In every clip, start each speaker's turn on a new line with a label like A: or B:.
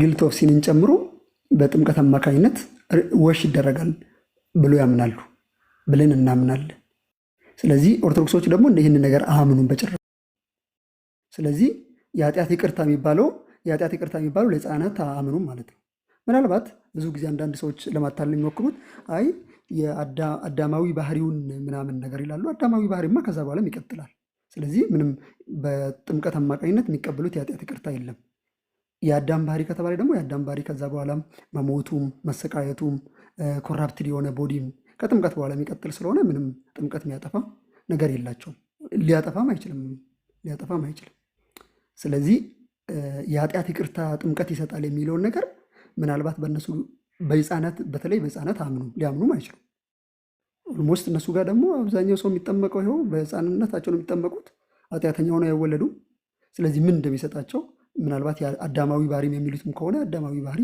A: ጊልት ኦፍ ሲንን ጨምሮ በጥምቀት አማካኝነት ወሽ ይደረጋል ብሎ ያምናሉ ብለን እናምናለን። ስለዚህ ኦርቶዶክሶች ደግሞ ይህን ነገር አያምኑም በጭራሽ። ስለዚህ የኃጢአት ይቅርታ የሚባለው የኃጢአት ይቅርታ የሚባለው ለሕፃናት አያምኑም ማለት ነው። ምናልባት ብዙ ጊዜ አንዳንድ ሰዎች ለማታለል የሚሞክሩት አይ የአዳማዊ ባህሪውን ምናምን ነገር ይላሉ። አዳማዊ ባህሪማ ከዛ በኋላም ይቀጥላል። ስለዚህ ምንም በጥምቀት አማካኝነት የሚቀበሉት የኃጢአት ይቅርታ የለም። የአዳም ባህሪ ከተባለ ደግሞ የአዳም ባህሪ ከዛ በኋላም መሞቱም መሰቃየቱም ኮራፕትድ የሆነ ቦዲም ከጥምቀት በኋላ የሚቀጥል ስለሆነ ምንም ጥምቀት የሚያጠፋ ነገር የላቸውም። ሊያጠፋም አይችልም፣ ሊያጠፋም አይችልም። ስለዚህ የኃጢአት ይቅርታ ጥምቀት ይሰጣል የሚለውን ነገር ምናልባት በእነሱ በህፃናት በተለይ በህፃናት አምኑ ሊያምኑም አይችሉም። ኦልሞስት እነሱ ጋር ደግሞ አብዛኛው ሰው የሚጠመቀው ይኸው በህፃንነታቸው ነው የሚጠመቁት። ኃጢአተኛ ሆነው አይወለዱም። ስለዚህ ምን እንደሚሰጣቸው ምናልባት አዳማዊ ባህሪም የሚሉትም ከሆነ አዳማዊ ባህሪ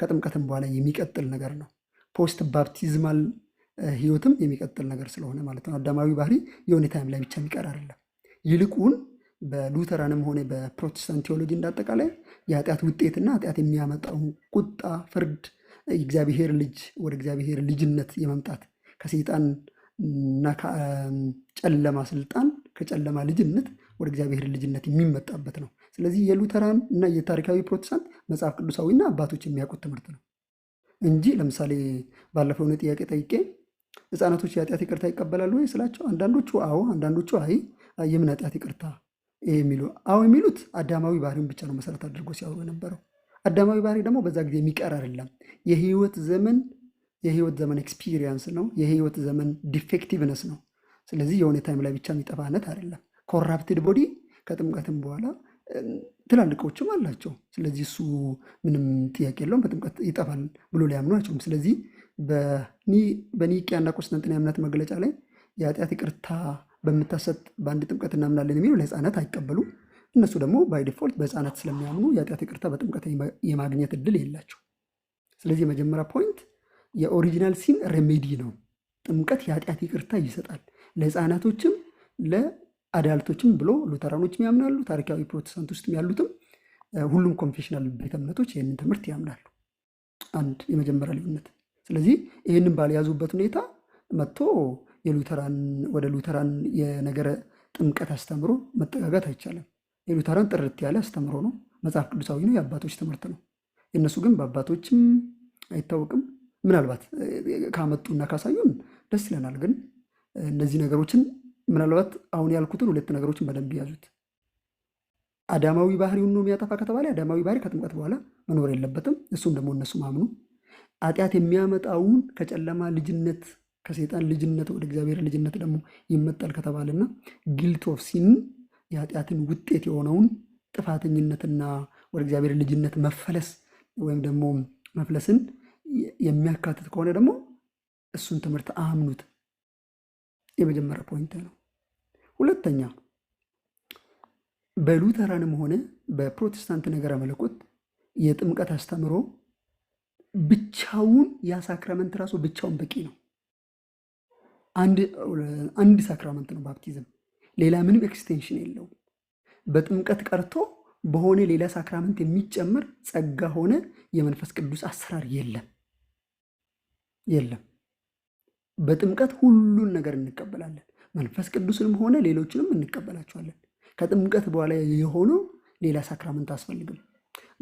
A: ከጥምቀትም በኋላ የሚቀጥል ነገር ነው። ፖስት ባፕቲዝማል ህይወትም የሚቀጥል ነገር ስለሆነ ማለት ነው። አዳማዊ ባህሪ የሆነ ታይም ላይ ብቻ የሚቀር አይደለም። ይልቁን በሉተራንም ሆነ በፕሮቴስታንት ቴዎሎጂ እንዳጠቃላይ የኃጢአት ውጤትና ኃጢአት የሚያመጣውን ቁጣ፣ ፍርድ፣ እግዚአብሔር ልጅ ወደ እግዚአብሔር ልጅነት የመምጣት ከሰይጣን እና ጨለማ ስልጣን ከጨለማ ልጅነት ወደ እግዚአብሔር ልጅነት የሚመጣበት ነው። ስለዚህ የሉተራን እና የታሪካዊ ፕሮቴስታንት መጽሐፍ ቅዱሳዊና አባቶች የሚያውቁት ትምህርት ነው እንጂ ለምሳሌ ባለፈው ነው ጥያቄ ጠይቄ ህፃናቶች የኃጢአት ይቅርታ ይቀበላሉ ወይ ስላቸው አንዳንዶቹ አዎ፣ አንዳንዶቹ አይ የምን ኃጢአት ይቅርታ የሚሉ አዎ የሚሉት አዳማዊ ባህሪውን ብቻ ነው መሰረት አድርጎ ሲያወሩ የነበረው። አዳማዊ ባህሪ ደግሞ በዛ ጊዜ የሚቀር አይደለም። የህይወት ዘመን የህይወት ዘመን ኤክስፒሪየንስ ነው። የህይወት ዘመን ዲፌክቲቭነስ ነው። ስለዚህ የሆነ ታይም ላይ ብቻ የሚጠፋነት አይደለም። ኮራፕትድ ቦዲ ከጥምቀትም በኋላ ትላልቆችም አላቸው። ስለዚህ እሱ ምንም ጥያቄ የለውም በጥምቀት ይጠፋል ብሎ ሊያምኑ አይችሉም። ስለዚህ በኒቅያና ቁስጥንጥንያ እምነት መግለጫ ላይ የኃጢአት ይቅርታ በምታሰጥ በአንድ ጥምቀት እናምናለን የሚለው ለህፃናት አይቀበሉም። እነሱ ደግሞ ባይ ዲፎልት በህፃናት ስለሚያምኑ የኃጢአት ይቅርታ በጥምቀት የማግኘት እድል የላቸው። ስለዚህ የመጀመሪያ ፖይንት የኦሪጂናል ሲን ሬሜዲ ነው። ጥምቀት የኃጢአት ይቅርታ ይሰጣል ለህፃናቶችም አዳልቶችም ብሎ ሉተራኖችም ያምናሉ። ታሪካዊ ፕሮቴስታንት ውስጥም ያሉትም ሁሉም ኮንፌሽናል ቤተ እምነቶች ይህንን ትምህርት ያምናሉ። አንድ የመጀመሪያ ልዩነት። ስለዚህ ይህንን ባልያዙበት ሁኔታ መጥቶ የሉተራን ወደ ሉተራን የነገረ ጥምቀት አስተምሮ መጠጋጋት አይቻልም። የሉተራን ጥርት ያለ አስተምሮ ነው፣ መጽሐፍ ቅዱሳዊ ነው፣ የአባቶች ትምህርት ነው። የእነሱ ግን በአባቶችም አይታወቅም። ምናልባት ካመጡና ካሳዩን ደስ ይለናል። ግን እነዚህ ነገሮችን ምናልባት አሁን ያልኩትን ሁለት ነገሮችን በደንብ ያዙት። አዳማዊ ባህሪውን ነው የሚያጠፋ ከተባለ አዳማዊ ባህሪ ከጥምቀት በኋላ መኖር የለበትም። እሱም ደግሞ እነሱ ማምኑ ኃጢአት የሚያመጣውን ከጨለማ ልጅነት ከሴጣን ልጅነት ወደ እግዚአብሔር ልጅነት ደግሞ ይመጣል ከተባለና ጊልት ኦፍ ሲን የኃጢአትን ውጤት የሆነውን ጥፋተኝነትና ወደ እግዚአብሔር ልጅነት መፈለስ ወይም ደግሞ መፍለስን የሚያካትት ከሆነ ደግሞ እሱን ትምህርት አምኑት። የመጀመሪያ ፖይንት ነው። ሁለተኛ በሉተራንም ሆነ በፕሮቴስታንት ነገረ መለኮት የጥምቀት አስተምሮ ብቻውን ያ ሳክራመንት ራሱ ብቻውን በቂ ነው። አንድ ሳክራመንት ነው ባፕቲዝም፣ ሌላ ምንም ኤክስቴንሽን የለውም። በጥምቀት ቀርቶ በሆነ ሌላ ሳክራመንት የሚጨመር ጸጋ ሆነ የመንፈስ ቅዱስ አሰራር የለም የለም። በጥምቀት ሁሉን ነገር እንቀበላለን። መንፈስ ቅዱስንም ሆነ ሌሎችንም እንቀበላቸዋለን። ከጥምቀት በኋላ የሆኑ ሌላ ሳክራመንት አስፈልግም።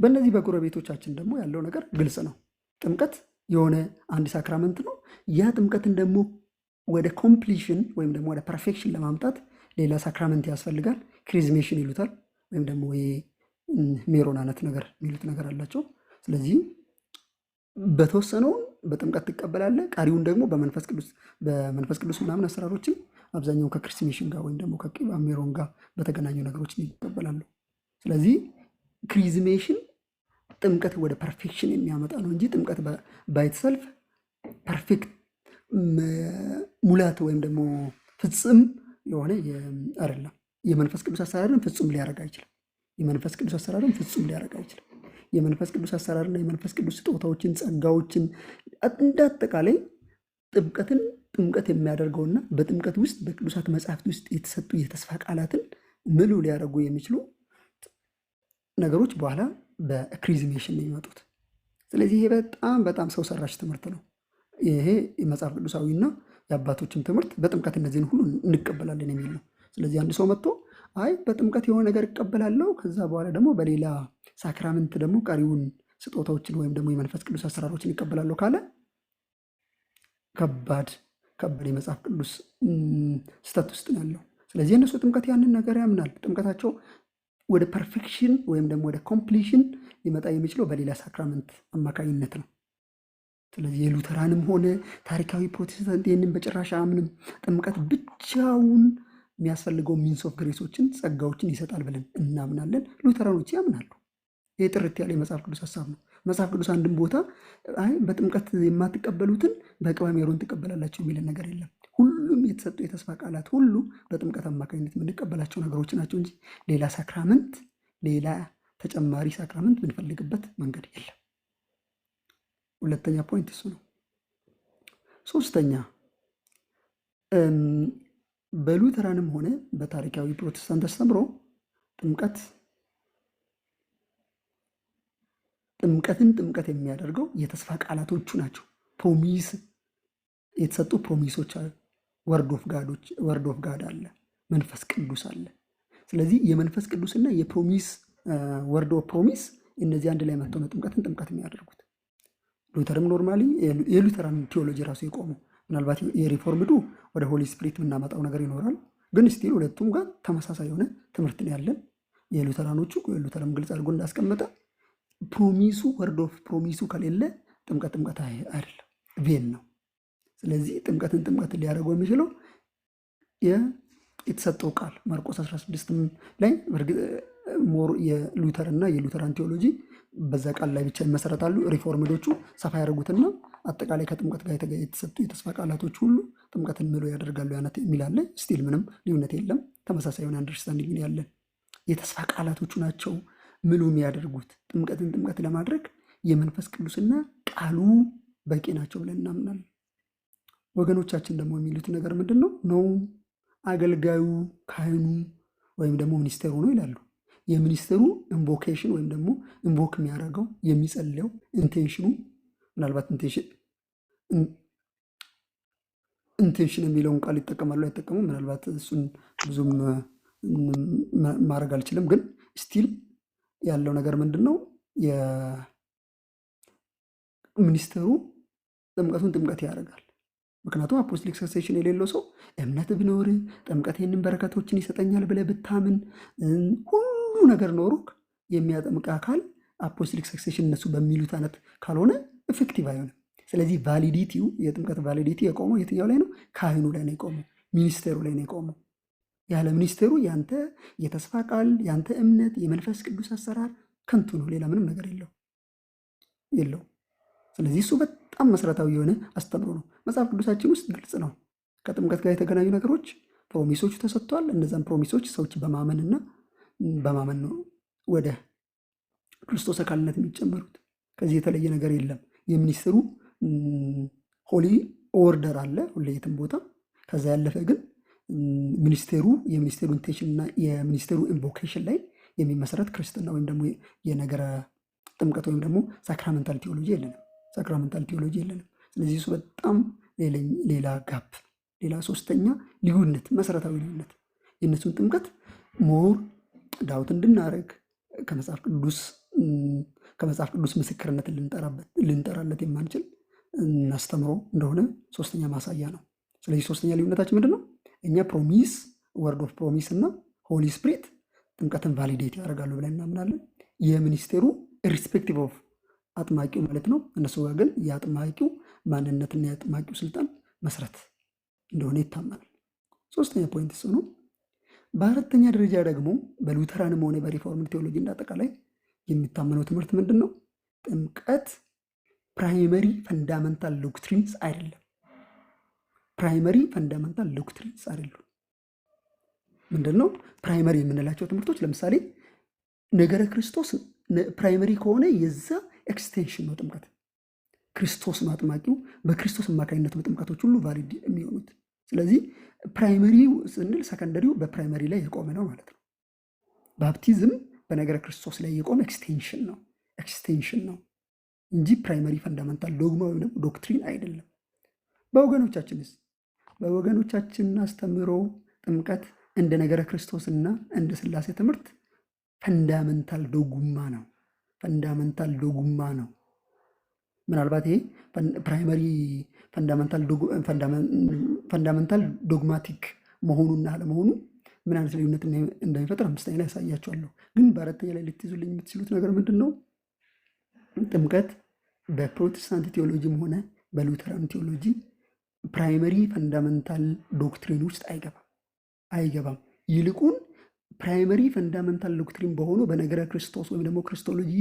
A: በእነዚህ በጎረቤቶቻችን ደግሞ ያለው ነገር ግልጽ ነው። ጥምቀት የሆነ አንድ ሳክራመንት ነው። ያ ጥምቀትን ደግሞ ወደ ኮምፕሊሽን ወይም ደግሞ ወደ ፐርፌክሽን ለማምጣት ሌላ ሳክራመንት ያስፈልጋል። ክሪዝሜሽን ይሉታል፣ ወይም ደግሞ ሜሮን አይነት ነገር የሚሉት ነገር አላቸው። ስለዚህ በተወሰነውን በጥምቀት ትቀበላለህ፣ ቀሪውን ደግሞ በመንፈስ ቅዱስ በመንፈስ ቅዱስ ምናምን አሰራሮችን አብዛኛውን ከክሪስሜሽን ጋር ወይም ደግሞ ከአሜሮን ጋር በተገናኙ ነገሮች ይቀበላሉ። ስለዚህ ክሪዝሜሽን ጥምቀት ወደ ፐርፌክሽን የሚያመጣ ነው እንጂ ጥምቀት ባይትሰልፍ ፐርፌክት ሙላት ወይም ደግሞ ፍጽም የሆነ አይደለም። የመንፈስ ቅዱስ አሰራርን ፍጹም ሊያደርግ አይችልም። የመንፈስ ቅዱስ አሰራርን ፍጹም ሊያደርግ አይችልም። የመንፈስ ቅዱስ አሰራርና የመንፈስ ቅዱስ ስጦታዎችን፣ ጸጋዎችን እንደ አጠቃላይ ጥምቀትን ጥምቀት የሚያደርገውና በጥምቀት ውስጥ በቅዱሳት መጽሐፍት ውስጥ የተሰጡ የተስፋ ቃላትን ምሉ ሊያደርጉ የሚችሉ ነገሮች በኋላ በክሪዝሜሽን ነው የሚመጡት። ስለዚህ ይሄ በጣም በጣም ሰው ሰራሽ ትምህርት ነው። ይሄ መጽሐፍ ቅዱሳዊና የአባቶችም ትምህርት በጥምቀት እነዚህን ሁሉ እንቀበላለን የሚል ነው። ስለዚህ አንድ ሰው መጥቶ አይ በጥምቀት የሆነ ነገር እቀበላለሁ፣ ከዛ በኋላ ደግሞ በሌላ ሳክራመንት ደግሞ ቀሪውን ስጦታዎችን ወይም ደግሞ የመንፈስ ቅዱስ አሰራሮችን ይቀበላለሁ ካለ ከባድ ከባድ የመጽሐፍ ቅዱስ ስህተት ውስጥ ነው ያለው። ስለዚህ የእነሱ ጥምቀት ያንን ነገር ያምናል። ጥምቀታቸው ወደ ፐርፌክሽን ወይም ደግሞ ወደ ኮምፕሊሽን ሊመጣ የሚችለው በሌላ ሳክራመንት አማካኝነት ነው። ስለዚህ የሉተራንም ሆነ ታሪካዊ ፕሮቴስታንት ይህንን በጭራሽ አምንም። ጥምቀት ብቻውን የሚያስፈልገው ሚንስ ኦፍ ግሬሶችን ጸጋዎችን ይሰጣል ብለን እናምናለን። ሉተራኖች ያምናሉ። ይህ ጥርት ያለ የመጽሐፍ ቅዱስ ሀሳብ ነው። መጽሐፍ ቅዱስ አንድም ቦታ በጥምቀት የማትቀበሉትን በቅባ ሜሮን ትቀበላላቸው የሚልን ነገር የለም። ሁሉም የተሰጡ የተስፋ ቃላት ሁሉ በጥምቀት አማካኝነት የምንቀበላቸው ነገሮች ናቸው እንጂ ሌላ ሳክራመንት፣ ሌላ ተጨማሪ ሳክራመንት የምንፈልግበት መንገድ የለም። ሁለተኛ ፖይንት እሱ ነው። ሶስተኛ በሉተራንም ሆነ በታሪካዊ ፕሮቴስታንት አስተምሮ ጥምቀት ጥምቀትን ጥምቀት የሚያደርገው የተስፋ ቃላቶቹ ናቸው። ፕሮሚስ የተሰጡ ፕሮሚሶች አሉ። ወርድ ኦፍ ጋድ አለ፣ መንፈስ ቅዱስ አለ። ስለዚህ የመንፈስ ቅዱስና የፕሮሚስ ወርድ ኦፍ ፕሮሚስ እነዚህ አንድ ላይ መጥተው ነው ጥምቀትን ጥምቀት የሚያደርጉት። ሉተርም ኖርማሊ የሉተራን ቴዎሎጂ ራሱ የቆሙ ምናልባት የሪፎርምዱ ወደ ሆሊ ስፕሪት የምናመጣው ነገር ይኖራል፣ ግን ስቲል ሁለቱም ጋር ተመሳሳይ የሆነ ትምህርት ነው ያለን። የሉተራኖቹ ሉተርም ግልጽ አድርጎ እንዳስቀመጠ ፕሮሚሱ ወርድ ኦፍ ፕሮሚሱ ከሌለ ጥምቀት ጥምቀት አይደለም፣ ቬን ነው። ስለዚህ ጥምቀትን ጥምቀት ሊያደርገው የሚችለው የተሰጠው ቃል ማርቆስ 16 ላይ ሞር የሉተር እና የሉተራን ቴዎሎጂ በዛ ቃል ላይ ብቻ ይመሰረታሉ። ሪፎርምዶቹ ሰፋ ያደርጉትና አጠቃላይ ከጥምቀት ጋር የተሰጡ የተስፋ ቃላቶች ሁሉ ጥምቀትን ምሎ ያደርጋሉ ያነት የሚላለ ስቲል ምንም ልዩነት የለም። ተመሳሳይ የሆነ አንደርስታንዲንግ ያለን የተስፋ ቃላቶቹ ናቸው ምሉ የሚያደርጉት ጥምቀትን ጥምቀት ለማድረግ የመንፈስ ቅዱስና ቃሉ በቂ ናቸው ብለን እናምናለን። ወገኖቻችን ደግሞ የሚሉት ነገር ምንድን ነው? ነው አገልጋዩ ካህኑ ወይም ደግሞ ሚኒስቴሩ ነው ይላሉ። የሚኒስቴሩ ኢንቮኬሽን ወይም ደግሞ ኢንቮክ የሚያደርገው የሚጸልየው ኢንቴንሽኑ ምናልባት ኢንቴንሽን የሚለውን ቃል ይጠቀማሉ አይጠቀሙም፣ ምናልባት እሱን ብዙም ማድረግ አልችልም፣ ግን ስቲል ያለው ነገር ምንድን ነው? ሚኒስትሩ ጥምቀቱን ጥምቀት ያደርጋል። ምክንያቱም አፖስቶሊክ ሰክሴሽን የሌለው ሰው እምነት ቢኖር ጥምቀት ይህንን በረከቶችን ይሰጠኛል ብለህ ብታምን ሁሉ ነገር ኖሮ የሚያጠምቅ አካል አፖስቶሊክ ሰክሴሽን እነሱ በሚሉት አይነት ካልሆነ ኢፌክቲቭ አይሆንም። ስለዚህ ቫሊዲቲው የጥምቀት ቫሊዲቲ የቆመው የትኛው ላይ ነው? ካህኑ ላይ ነው የቆመው፣ ሚኒስቴሩ ላይ ነው የቆመው። ያለ ሚኒስቴሩ ያንተ የተስፋ ቃል ያንተ እምነት የመንፈስ ቅዱስ አሰራር ከንቱ ነው። ሌላ ምንም ነገር የለው የለው። ስለዚህ እሱ በጣም መሰረታዊ የሆነ አስተምሮ ነው። መጽሐፍ ቅዱሳችን ውስጥ ግልጽ ነው። ከጥምቀት ጋር የተገናኙ ነገሮች ፕሮሚሶቹ ተሰጥቷል። እነዛን ፕሮሚሶች ሰዎች በማመንና በማመን ነው ወደ ክርስቶስ አካልነት የሚጨመሩት። ከዚህ የተለየ ነገር የለም። የሚኒስትሩ ሆሊ ኦርደር አለ ሁለየትም ቦታ ከዛ ያለፈ ግን ሚኒስቴሩ የሚኒስቴሩ ኢንቴንሽን እና የሚኒስቴሩ ኢንቮኬሽን ላይ የሚመሰረት ክርስትና ወይም ደግሞ የነገረ ጥምቀት ወይም ደግሞ ሳክራመንታል ቴዎሎጂ የለንም። ሳክራመንታል ቴዎሎጂ የለንም። ስለዚህ እሱ በጣም ሌላ ጋፕ፣ ሌላ ሶስተኛ ልዩነት፣ መሰረታዊ ልዩነት የእነሱን ጥምቀት ሞር ዳውት እንድናደርግ ከመጽሐፍ ቅዱስ ከመጽሐፍ ቅዱስ ምስክርነት ልንጠራለት የማንችል እናስተምሮ እንደሆነ ሶስተኛ ማሳያ ነው። ስለዚህ ሶስተኛ ልዩነታችን ምንድን ነው? እኛ ፕሮሚስ ወርድ ኦፍ ፕሮሚስ እና ሆሊ ስፕሪት ጥምቀትን ቫሊዴት ያደርጋሉ ብለን እናምናለን። የሚኒስቴሩ ኢሪስፔክቲቭ ኦፍ አጥማቂው ማለት ነው። እነሱ ጋር ግን የአጥማቂው ማንነትና የአጥማቂው ስልጣን መስረት እንደሆነ ይታመናል። ሶስተኛ ፖይንት እሱ ነው። በአራተኛ ደረጃ ደግሞ በሉተራንም ሆነ በሪፎርም ቴዎሎጂ እንዳጠቃላይ የሚታመነው ትምህርት ምንድን ነው? ጥምቀት ፕራይመሪ ፈንዳመንታል ዶክትሪንስ አይደለም። ፕራይመሪ ፈንዳመንታል ዶክትሪንስ አይደሉ። ምንድን ነው ፕራይመሪ የምንላቸው ትምህርቶች ለምሳሌ ነገረ ክርስቶስ ፕራይመሪ ከሆነ የዛ ኤክስቴንሽን ነው ጥምቀት። ክርስቶስ ነው አጥማቂው። በክርስቶስ አማካኝነት ነው ጥምቀቶች ሁሉ ቫሊድ የሚሆኑት። ስለዚህ ፕራይመሪው ስንል ሰከንደሪው በፕራይመሪ ላይ የቆመ ነው ማለት ነው። ባፕቲዝም በነገረ ክርስቶስ ላይ የቆመ ኤክስቴንሽን ነው ኤክስቴንሽን ነው እንጂ ፕራይመሪ ፈንዳመንታል ዶግማ ወይም ዶክትሪን አይደለም። በወገኖቻችንስ በወገኖቻችን አስተምህሮ ጥምቀት እንደ ነገረ ክርስቶስና እንደ ስላሴ ትምህርት ፈንዳመንታል ዶጉማ ነው። ፈንዳመንታል ዶጉማ ነው። ምናልባት ይሄ ፕራይመሪ ፈንዳመንታል ዶግማቲክ መሆኑና አለመሆኑ ምን አይነት ልዩነት እንደሚፈጥር አምስተኛ ላይ ያሳያቸዋለሁ። ግን በአራተኛ ላይ ልትይዙልኝ የምትችሉት ነገር ምንድን ነው? ጥምቀት በፕሮቴስታንት ቴዎሎጂም ሆነ በሉተራን ቴዎሎጂ ፕራይመሪ ፈንዳመንታል ዶክትሪን ውስጥ አይገባም አይገባም። ይልቁን ፕራይመሪ ፈንዳመንታል ዶክትሪን በሆኑ በነገረ ክርስቶስ ወይም ደግሞ ክርስቶሎጂ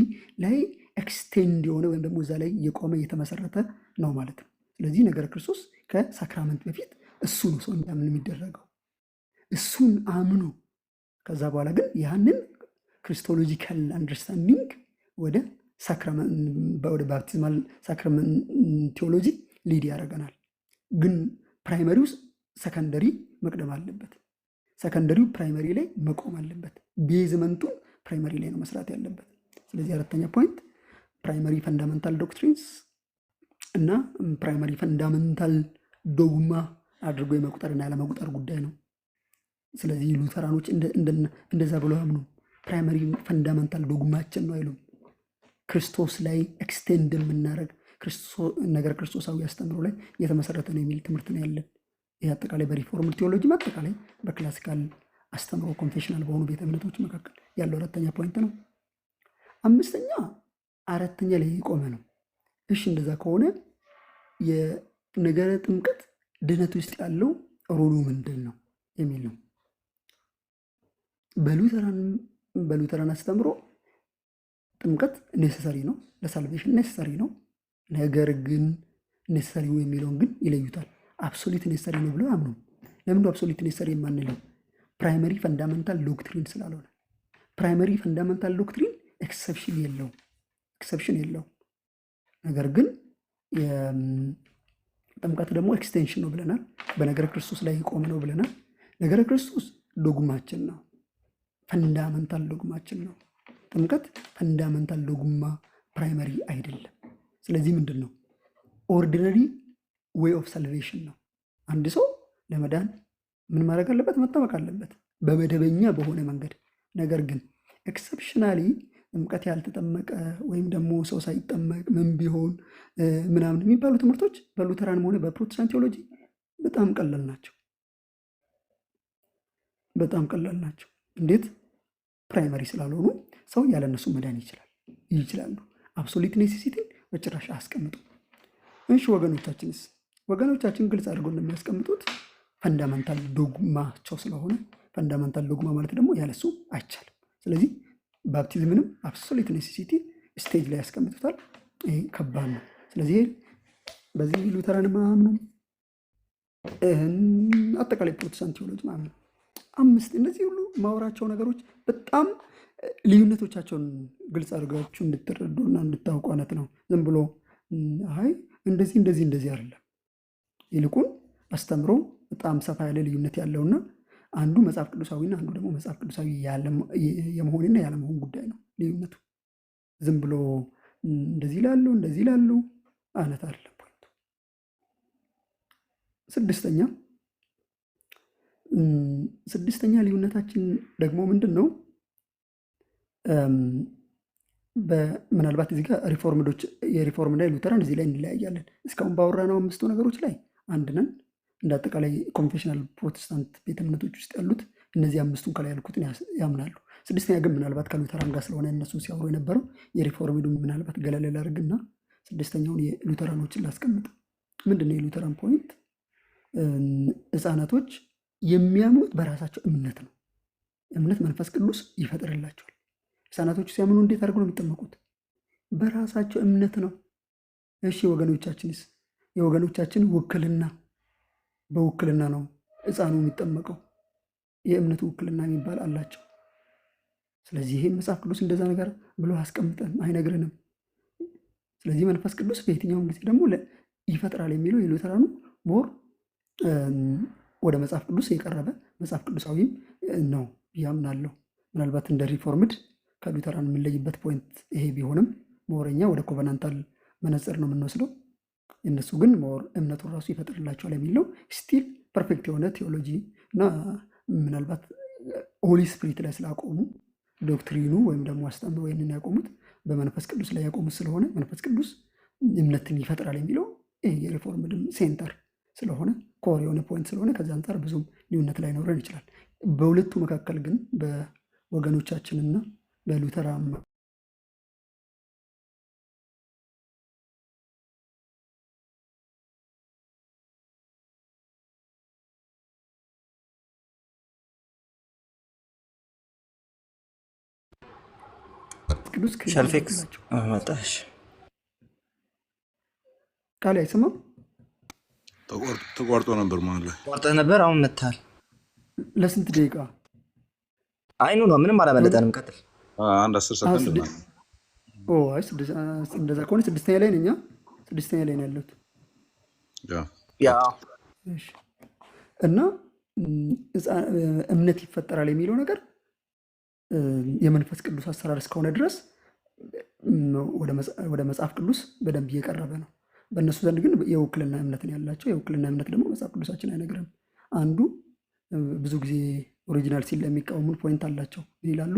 A: ላይ ኤክስቴንድ የሆነ ወይም ደግሞ እዛ ላይ የቆመ የተመሰረተ ነው ማለት ነው። ስለዚህ ነገረ ክርስቶስ ከሳክራመንት በፊት እሱ ነው ሰው እንዲያምን የሚደረገው እሱን አምኖ ከዛ በኋላ ግን ያንን ክርስቶሎጂካል አንደርስታንዲንግ ወደ ባፕቲዝማል ሳክራመንት ቴዎሎጂ ሊድ ያደርገናል። ግን ፕራይመሪው ሰከንደሪ መቅደም አለበት። ሰከንደሪው ፕራይመሪ ላይ መቆም አለበት። ቤዝመንቱ ፕራይመሪ ላይ ነው መስራት ያለበት። ስለዚህ አራተኛ ፖይንት ፕራይመሪ ፈንዳመንታል ዶክትሪንስ እና ፕራይመሪ ፈንዳመንታል ዶግማ አድርጎ የመቁጠርና ያለመቁጠር ጉዳይ ነው። ስለዚህ ሉተራኖች እንደዛ ብለው ያምኑ። ፕራይመሪ ፈንዳመንታል ዶግማችን ነው አይሉም። ክርስቶስ ላይ ኤክስቴንድ የምናደርግ ነገር ክርስቶሳዊ አስተምሮ ላይ እየተመሰረተ ነው የሚል ትምህርት ነው ያለን። ይህ አጠቃላይ በሪፎርምድ ቴዎሎጂ አጠቃላይ በክላሲካል አስተምሮ ኮንፌሽናል በሆኑ ቤተ እምነቶች መካከል ያለው አራተኛ ፖይንት ነው። አምስተኛ አራተኛ ላይ የቆመ ነው። እሺ እንደዛ ከሆነ የነገረ ጥምቀት ድህነት ውስጥ ያለው ሮሉ ምንድን ነው የሚል ነው። በሉተራን አስተምሮ ጥምቀት ኔሰሰሪ ነው፣ ለሳልቬሽን ኔሰሰሪ ነው ነገር ግን ኔሰሰሪ የሚለውን ግን ይለዩታል። አብሶሊት ኔሰሰሪ ነው ብለው አምኑ። ለምን አብሶሊት ኔሰሰሪ የማንለው ፕራይመሪ ፈንዳመንታል ዶክትሪን ስላልሆነ፣ ፕራይመሪ ፈንዳመንታል ዶክትሪን ኤክሰፕሽን የለው ኤክሰፕሽን የለው። ነገር ግን ጥምቀት ደግሞ ኤክስቴንሽን ነው ብለናል። በነገረ ክርስቶስ ላይ የቆመ ነው ብለናል። ነገረ ክርስቶስ ዶግማችን ነው፣ ፈንዳመንታል ዶግማችን ነው። ጥምቀት ፈንዳመንታል ዶግማ ፕራይመሪ አይደለም። ስለዚህ ምንድን ነው ኦርዲነሪ ዌይ ኦፍ ሳልቬሽን ነው። አንድ ሰው ለመዳን ምን ማድረግ አለበት? መጠመቅ አለበት በመደበኛ በሆነ መንገድ። ነገር ግን ኤክሰፕሽናሊ ጥምቀት ያልተጠመቀ ወይም ደግሞ ሰው ሳይጠመቅ ምን ቢሆን ምናምን የሚባሉ ትምህርቶች በሉተራንም ሆነ በፕሮቴስታንት ቴዎሎጂ በጣም ቀላል ናቸው። በጣም ቀላል ናቸው። እንዴት? ፕራይመሪ ስላልሆኑ ሰው ያለነሱ መዳን ይችላል ይችላሉ። አብሶሊት ኔሴሲቲን በጭራሽ አስቀምጡ እሺ ወገኖቻችንስ? ወገኖቻችን ግልጽ አድርገው እንደሚያስቀምጡት ፈንዳመንታል ዶግማቸው ስለሆነ ፈንዳመንታል ዶግማ ማለት ደግሞ ያለሱ አይቻልም። ስለዚህ ባፕቲዝምንም አብሶሊት ኔሴሲቲ ስቴጅ ላይ ያስቀምጡታል። ይህ ከባድ ነው። ስለዚህ በዚህ ሉተራን ማምኑ አጠቃላይ ፕሮቴስታንት ቴዎሎጂ ማምኑ አምስት እነዚህ ሁሉ ማውራቸው ነገሮች በጣም ልዩነቶቻቸውን ግልጽ አድርጋችሁ እንድትረዱና እንድታውቁ ማለት ነው። ዝም ብሎ አይ እንደዚህ እንደዚህ እንደዚህ አይደለም። ይልቁን አስተምሮ በጣም ሰፋ ያለ ልዩነት ያለውና አንዱ መጽሐፍ ቅዱሳዊና አንዱ ደግሞ መጽሐፍ ቅዱሳዊ የመሆንና ያለመሆን ጉዳይ ነው ልዩነቱ። ዝም ብሎ እንደዚህ ላሉ እንደዚህ ላሉ አይነት አይደለም ስድስተኛ ስድስተኛ ልዩነታችን ደግሞ ምንድን ነው? ምናልባት እዚህ ጋር ሪፎርምዶች የሪፎርምና የሉተራን እዚህ ላይ እንለያያለን። እስካሁን ባወራነው አምስቱ ነገሮች ላይ አንድ ነን። እንደ አጠቃላይ ኮንፌሽናል ፕሮቴስታንት ቤተ እምነቶች ውስጥ ያሉት እነዚህ አምስቱን ከላይ ያልኩትን ያምናሉ። ስድስተኛ ግን ምናልባት ከሉተራን ጋር ስለሆነ እነሱ ሲያወሩ የነበረው የሪፎርሚዱን ምናልባት ገለል ላድርግና ስድስተኛውን የሉተራኖችን ላስቀምጥ። ምንድን ነው የሉተራን ፖይንት? ህፃናቶች የሚያምኑት በራሳቸው እምነት ነው። እምነት መንፈስ ቅዱስ ይፈጥርላቸዋል። ህፃናቶቹ ሲያምኑ እንዴት አድርገው ነው የሚጠመቁት? በራሳቸው እምነት ነው። እሺ ወገኖቻችንስ? የወገኖቻችን ውክልና በውክልና ነው ህፃኑ የሚጠመቀው። የእምነት ውክልና የሚባል አላቸው። ስለዚህ ይሄ መጽሐፍ ቅዱስ እንደዛ ነገር ብሎ አስቀምጠን አይነግርንም። ስለዚህ መንፈስ ቅዱስ በየትኛውም ጊዜ ደግሞ ይፈጥራል የሚለው የሉተራኑ ሞር ወደ መጽሐፍ ቅዱስ የቀረበ መጽሐፍ ቅዱሳዊም ነው ያምናለሁ። ምናልባት እንደ ሪፎርምድ ከሉተራን የምንለይበት ፖይንት ይሄ ቢሆንም መወረኛ ወደ ኮቨናንታል መነጽር ነው የምንወስደው። እነሱ ግን ሞር እምነቱን ራሱ ይፈጥርላቸዋል የሚለው ስቲል ፐርፌክት የሆነ ቴዎሎጂ እና ምናልባት ሆሊ ስፕሪት ላይ ስላቆሙ ዶክትሪኑ ወይም ደግሞ አስተምሮ ወይንን ያቆሙት በመንፈስ ቅዱስ ላይ ያቆሙት ስለሆነ መንፈስ ቅዱስ እምነትን ይፈጥራል የሚለው ይሄ የሪፎርምድ ሴንተር ስለሆነ ኮር የሆነ ፖይንት ስለሆነ ከዚ አንጻር ብዙም ልዩነት ላይኖረን ይችላል። በሁለቱ መካከል ግን በወገኖቻችንና በሉተር ቅዱስ ቃል አይሰማም።
B: ተቋርጦ ነበር ማለት
C: ነው። ነበር። አሁን መታል። ለስንት ደቂቃ አይኑ ነው። ምንም አላመለጠንም። ቀጥል
B: አንድ አስር ሰከንድ
A: እንደዛ ከሆነ ስድስተኛ ላይ ነኝ። ስድስተኛ ላይ ነው ያለሁት እና እምነት ይፈጠራል የሚለው ነገር የመንፈስ ቅዱስ አሰራር እስከሆነ ድረስ ወደ መጽሐፍ ቅዱስ በደንብ እየቀረበ ነው። በእነሱ ዘንድ ግን የውክልና እምነትን ያላቸው የውክልና እምነት ደግሞ መጽሐፍ ቅዱሳችን አይነግርም። አንዱ ብዙ ጊዜ ኦሪጂናል ሲል ለሚቃወሙ ፖይንት አላቸው። ምን ይላሉ?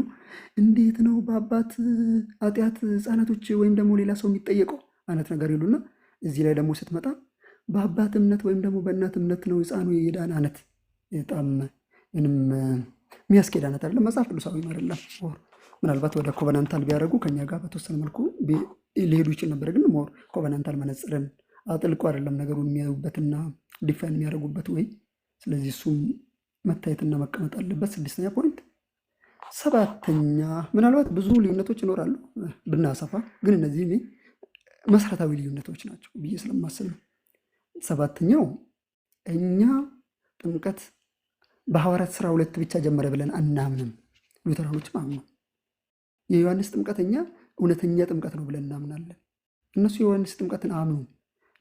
A: እንዴት ነው በአባት አጢአት ህፃናቶች ወይም ደግሞ ሌላ ሰው የሚጠየቀው አይነት ነገር ይሉና እዚህ ላይ ደግሞ ስትመጣ በአባት እምነት ወይም ደግሞ በእናት እምነት ነው ህፃኑ የዳነ አነት በጣም ምንም የሚያስኬድ አነት አይደለም። መጽሐፍ ቅዱሳዊም አይደለም። ምናልባት ወደ ኮቨናንታል ቢያደርጉ ከኛ ጋር በተወሰነ መልኩ ሊሄዱ ይችል ነበር። ግን ሞር ኮቨናንታል መነጽርን አጥልቆ አይደለም ነገሩን የሚያዩበትና ዲፋይን የሚያደርጉበት ወይ ስለዚህ እሱም መታየትና መቀመጥ አለበት። ስድስተኛ ፖይንት። ሰባተኛ ምናልባት ብዙ ልዩነቶች ይኖራሉ ብናሰፋ፣ ግን እነዚህ እኔ መሰረታዊ ልዩነቶች ናቸው ብዬ ስለማስብ ነው። ሰባተኛው እኛ ጥምቀት በሐዋርያት ስራ ሁለት ብቻ ጀመረ ብለን አናምንም። ሉተራኖችም አምኑ የዮሐንስ ጥምቀት እኛ እውነተኛ ጥምቀት ነው ብለን እናምናለን። እነሱ የዮሐንስ ጥምቀትን አምኑ፣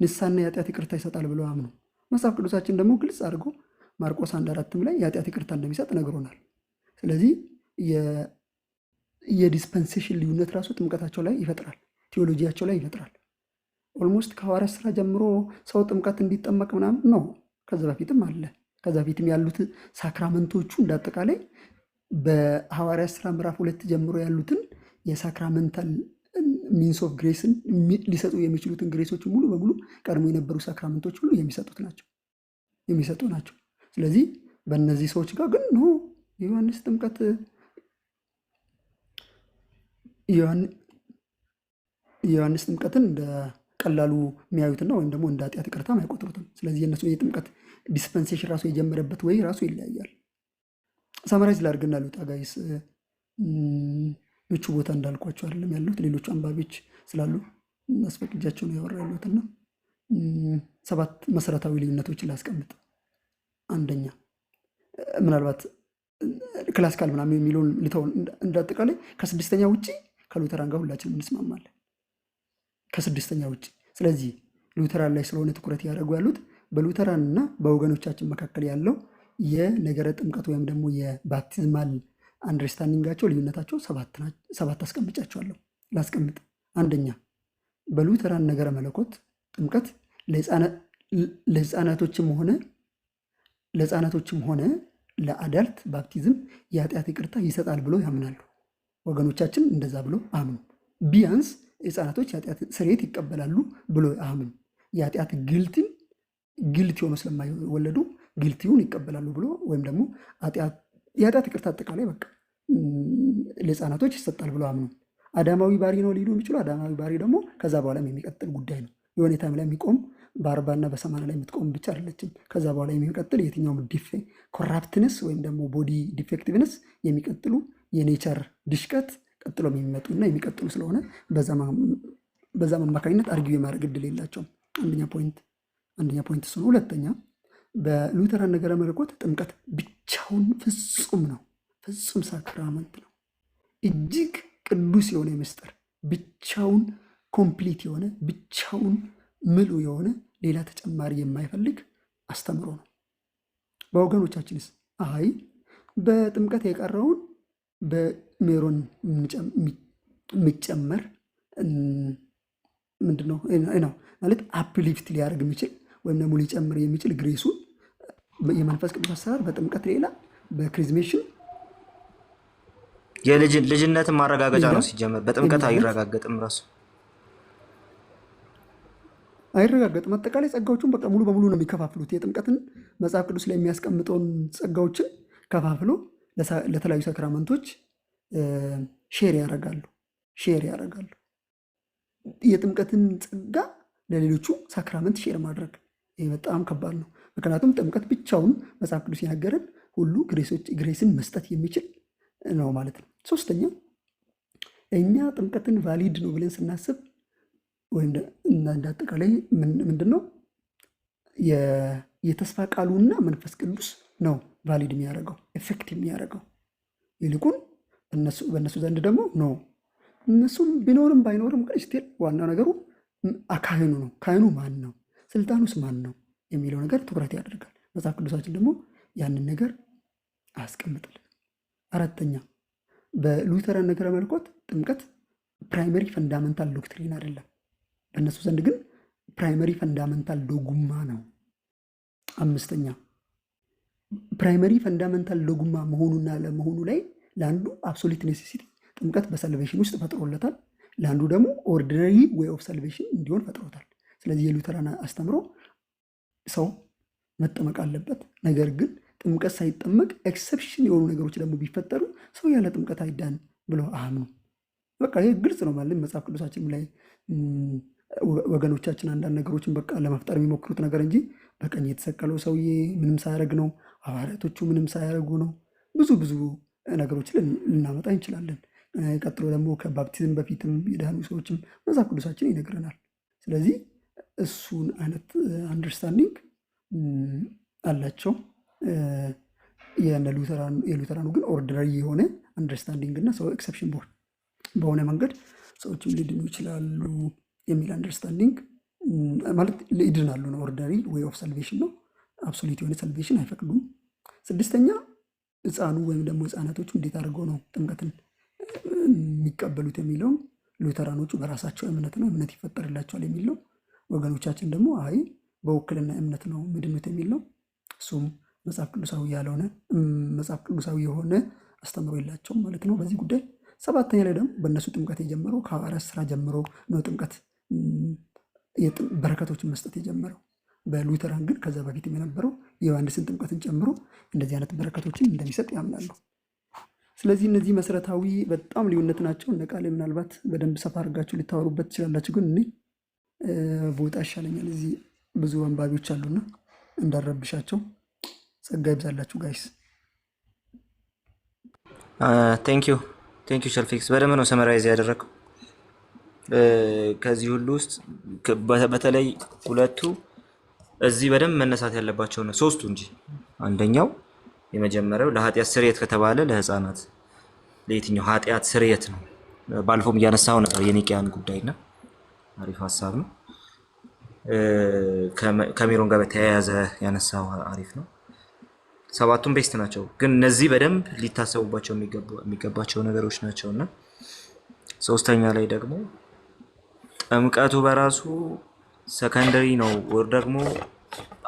A: ንሳና የኃጢአት ይቅርታ ይሰጣል ብለው አምኑ። መጽሐፍ ቅዱሳችን ደግሞ ግልጽ አድርጎ ማርቆስ አንድ አራትም ላይ የኃጢአት ይቅርታ እንደሚሰጥ ነግሮናል። ስለዚህ የዲስፐንሴሽን ልዩነት ራሱ ጥምቀታቸው ላይ ይፈጥራል፣ ቴዎሎጂያቸው ላይ ይፈጥራል። ኦልሞስት ከሐዋርያ ስራ ጀምሮ ሰው ጥምቀት እንዲጠመቅ ምናምን ነው። ከዛ በፊትም አለ። ከዛ በፊትም ያሉት ሳክራመንቶቹ እንዳጠቃላይ በሐዋርያ ስራ ምዕራፍ ሁለት ጀምሮ ያሉትን የሳክራመንታል ሚንስ ኦፍ ግሬስን ሊሰጡ የሚችሉትን ግሬሶች ሙሉ በሙሉ ቀድሞ የነበሩ ሳክራመንቶች ሁሉ የሚሰጡት ናቸው የሚሰጡ ናቸው። ስለዚህ በእነዚህ ሰዎች ጋር ግን ኖ የዮሐንስ ጥምቀት የዮሐንስ ጥምቀትን እንደ ቀላሉ የሚያዩትና ወይም ደግሞ እንደ ኃጢአት ይቅርታ አይቆጥሩትም። ስለዚህ የእነሱ የጥምቀት ዲስፐንሴሽን ራሱ የጀመረበት ወይ ራሱ ይለያያል። ሳማራይዝ ላድርግና ልውጣ አጋይስ ምቹ ቦታ እንዳልኳቸው አይደለም ያሉት ሌሎቹ አንባቢዎች ስላሉ አስፈቅጃቸው ነው ያወራ ያሉትና ሰባት መሰረታዊ ልዩነቶችን ላስቀምጥ። አንደኛ ምናልባት ክላሲካል ምናምን የሚለውን ልተውን እንዳጠቃላይ ከስድስተኛ ውጭ ከሉተራን ጋር ሁላችንም እንስማማለን። ከስድስተኛ ውጭ። ስለዚህ ሉተራን ላይ ስለሆነ ትኩረት እያደረጉ ያሉት በሉተራን እና በወገኖቻችን መካከል ያለው የነገረ ጥምቀት ወይም ደግሞ የባፕቲዝማል አንደርስታንዲንጋቸው ልዩነታቸው ሰባት አስቀምጫቸዋለሁ ላስቀምጥ። አንደኛ በሉተራን ነገረ መለኮት ጥምቀት ለህፃናቶችም ሆነ ለህፃናቶችም ሆነ ለአዳልት ባፕቲዝም የኃጢአት ይቅርታ ይሰጣል ብሎ ያምናሉ። ወገኖቻችን እንደዛ ብሎ አምኑ። ቢያንስ ህፃናቶች የኃጢአት ስርየት ይቀበላሉ ብሎ አምኑ። የኃጢአት ግልትን ግልት ሆኖ ስለማይወለዱ ግልቲውን ይቀበላሉ ብሎ ወይም ደግሞ የኃጢአት ይቅርታ አጠቃላይ በቃ ለህፃናቶች ይሰጣል ብሎ አምኑ። አዳማዊ ባሪ ነው ሊሉ የሚችሉ አዳማዊ ባሪ ደግሞ ከዛ በኋላም የሚቀጥል ጉዳይ ነው። የሆነ ታይም ላይ የሚቆም በአርባ እና በሰማንያ ላይ የምትቆም ብቻ አይደለችም። ከዛ በኋላ የሚቀጥል የትኛውም ዲፌ ኮራፕትነስ ወይም ደግሞ ቦዲ ዲፌክቲቭነስ የሚቀጥሉ የኔቸር ድሽቀት ቀጥሎ የሚመጡና የሚቀጥሉ ስለሆነ በዛም አማካኝነት አርጊው የማድረግ እድል የላቸውም። አንደኛ ፖይንት አንደኛ ፖይንት ሁለተኛ በሉተራን ነገረ መለኮት ጥምቀት ብቻውን ፍጹም ነው፣ ፍጹም ሳክራመንት ነው። እጅግ ቅዱስ የሆነ ምስጢር ብቻውን ኮምፕሊት የሆነ ብቻውን ምሉ የሆነ ሌላ ተጨማሪ የማይፈልግ አስተምሮ ነው። በወገኖቻችንስ አይ በጥምቀት የቀረውን በሜሮን የሚጨመር ምንድን ነው ማለት አፕሊፍት ሊያደርግ የሚችል ወይም ደግሞ ሊጨምር የሚችል ግሬሱን የመንፈስ ቅዱስ አሰራር በጥምቀት ሌላ በክሪዝሜሽን
C: የልጅነትን ማረጋገጫ ነው። ሲጀመር በጥምቀት አይረጋገጥም ራሱ
A: አይረጋገጥም። አጠቃላይ ጸጋዎቹን በቃ ሙሉ በሙሉ ነው የሚከፋፍሉት። የጥምቀትን መጽሐፍ ቅዱስ ላይ የሚያስቀምጠውን ጸጋዎችን ከፋፍሎ ለተለያዩ ሰክራመንቶች ሼር ያደርጋሉ ሼር ያደርጋሉ። የጥምቀትን ጸጋ ለሌሎቹ ሳክራመንት ሼር ማድረግ ይህ በጣም ከባድ ነው። ምክንያቱም ጥምቀት ብቻውን መጽሐፍ ቅዱስ የነገረን ሁሉ ግሬስን መስጠት የሚችል ነው ማለት ነው። ሶስተኛ እኛ ጥምቀትን ቫሊድ ነው ብለን ስናስብ ወይም እንዳጠቃላይ ምንድን ነው የተስፋ ቃሉና መንፈስ ቅዱስ ነው ቫሊድ የሚያደርገው ኤፌክት የሚያደርገው ይልቁን በእነሱ ዘንድ ደግሞ ነው። እነሱም ቢኖርም ባይኖርም ግን ዋናው ነገሩ ካህኑ ነው። ካህኑ ማን ነው? ስልጣኑስ ማን ነው? የሚለው ነገር ትኩረት ያደርጋል። መጽሐፍ ቅዱሳችን ደግሞ ያንን ነገር አያስቀምጥልን። አራተኛ በሉተራን ነገረ መለኮት ጥምቀት ፕራይመሪ ፈንዳመንታል ዶክትሪን አይደለም። በእነሱ ዘንድ ግን ፕራይመሪ ፈንዳመንታል ዶጉማ ነው። አምስተኛ ፕራይመሪ ፈንዳመንታል ዶጉማ መሆኑና ለመሆኑ ላይ ለአንዱ አብሶሊት ኔሴሲቲ ጥምቀት በሳልቬሽን ውስጥ ፈጥሮለታል፣ ለአንዱ ደግሞ ኦርዲነሪ ዌይ ኦፍ ሳልቬሽን እንዲሆን ፈጥሮታል። ስለዚህ የሉተራን አስተምሮ ሰው መጠመቅ አለበት። ነገር ግን ጥምቀት ሳይጠመቅ ኤክሰፕሽን የሆኑ ነገሮች ደግሞ ቢፈጠሩ ሰው ያለ ጥምቀት አይዳን ብሎ አምኑ። በቃ ይህ ግልጽ ነው ማለት መጽሐፍ ቅዱሳችን ላይ ወገኖቻችን አንዳንድ ነገሮችን በቃ ለመፍጠር የሚሞክሩት ነገር እንጂ በቀኝ የተሰቀለው ሰውዬ ምንም ሳያደርግ ነው፣ ሐዋርያቶቹ ምንም ሳያደርጉ ነው። ብዙ ብዙ ነገሮች ልናመጣ እንችላለን። ቀጥሎ ደግሞ ከባፕቲዝም በፊትም የዳኑ ሰዎችም መጽሐፍ ቅዱሳችን ይነግረናል። ስለዚህ እሱን አይነት አንደርስታንዲንግ አላቸው። የሉተራኑ ግን ኦርዲናሪ የሆነ አንደርስታንዲንግ እና ሰው ኤክሰፕሽን በሆነ መንገድ ሰዎችም ሊድኑ ይችላሉ። የሚል አንደርስታንዲንግ ማለት አሉ ነው። ኦርዲናሪ ወይ ኦፍ ሰልቬሽን ነው። አብሶሉት የሆነ ሰልቬሽን አይፈቅዱም። ስድስተኛ ህፃኑ ወይም ደግሞ ህፃናቶቹ እንዴት አድርገው ነው ጥምቀትን የሚቀበሉት የሚለው ሉተራኖቹ በራሳቸው እምነት ነው እምነት ይፈጠርላቸዋል የሚል ነው። ወገኖቻችን ደግሞ አይ በውክልና እምነት ነው ምድምት የሚል ነው። እሱም መጽሐፍ ቅዱሳዊ ያልሆነ መጽሐፍ ቅዱሳዊ የሆነ አስተምሮ የላቸውም ማለት ነው በዚህ ጉዳይ። ሰባተኛ ላይ ደግሞ በእነሱ ጥምቀት የጀመረው ከሐዋርያት ስራ ጀምሮ ነው ጥምቀት በረከቶችን መስጠት የጀመረው። በሉተራን ግን ከዛ በፊት የነበረው የዮሐንስን ጥምቀትን ጨምሮ እንደዚህ አይነት በረከቶችን እንደሚሰጥ ያምናሉ። ስለዚህ እነዚህ መሰረታዊ በጣም ልዩነት ናቸው። እነ ቃሌ ምናልባት በደንብ ሰፋ አድርጋችሁ ሊታወሩበት ትችላላችሁ። ግን እኔ ቦታ ይሻለኛል። እዚህ ብዙ አንባቢዎች አሉና እንዳረብሻቸው። ጸጋ ይብዛላችሁ ጋይስ።
C: ቴንኪዩ ሸልፊክስ በደንብ ነው ሰመራይዝ ያደረግኩ። ከዚህ ሁሉ ውስጥ በተለይ ሁለቱ እዚህ በደንብ መነሳት ያለባቸው ነው፣ ሶስቱ እንጂ አንደኛው የመጀመሪያው ለኃጢአት ስርየት ከተባለ ለህፃናት ለየትኛው ኃጢአት ስርየት ነው። ባልፎም እያነሳው ነበር የኒቅያን ጉዳይና አሪፍ ሀሳብ ነው። ከሜሮን ጋር በተያያዘ ያነሳው አሪፍ ነው። ሰባቱም ቤስት ናቸው፣ ግን እነዚህ በደንብ ሊታሰቡባቸው የሚገባቸው ነገሮች ናቸው እና ሶስተኛ ላይ ደግሞ ጥምቀቱ በራሱ ሰከንደሪ ነው ወር ደግሞ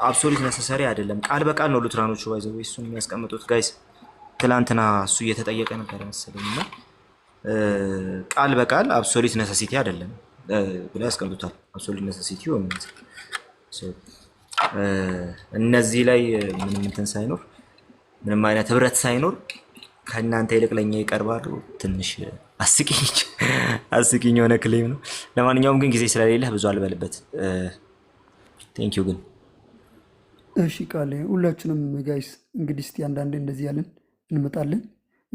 C: አብሶሉት ነሰሰሪ አይደለም። ቃል በቃል ነው ሉትራኖቹ ባይዘ እሱ የሚያስቀምጡት ጋይስ። ትላንትና እሱ እየተጠየቀ ነበር መሰለኝ እና ቃል በቃል አብሶሉት ነሰሲቲ አይደለም ብላ ያስቀምጡታል። አብሶሉት ነሰሲቲ እነዚህ ላይ ምንም እንትን ሳይኖር ምንም አይነት ህብረት ሳይኖር ከእናንተ ይልቅ ለኛ ይቀርባሉ ትንሽ አስቂኝ አስቂኝ የሆነ ክሌም ነው። ለማንኛውም ግን ጊዜ ስለሌለህ ብዙ አልበልበት። ቴንኪው ግን
A: እሺ፣ ቃል ሁላችንም ጋይስ እንግዲህ እስቲ አንዳንዴ እንደዚህ ያለን እንመጣለን።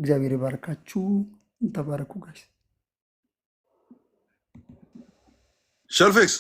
A: እግዚአብሔር ይባርካችሁ። ተባረኩ ጋይስ ሸልፌክስ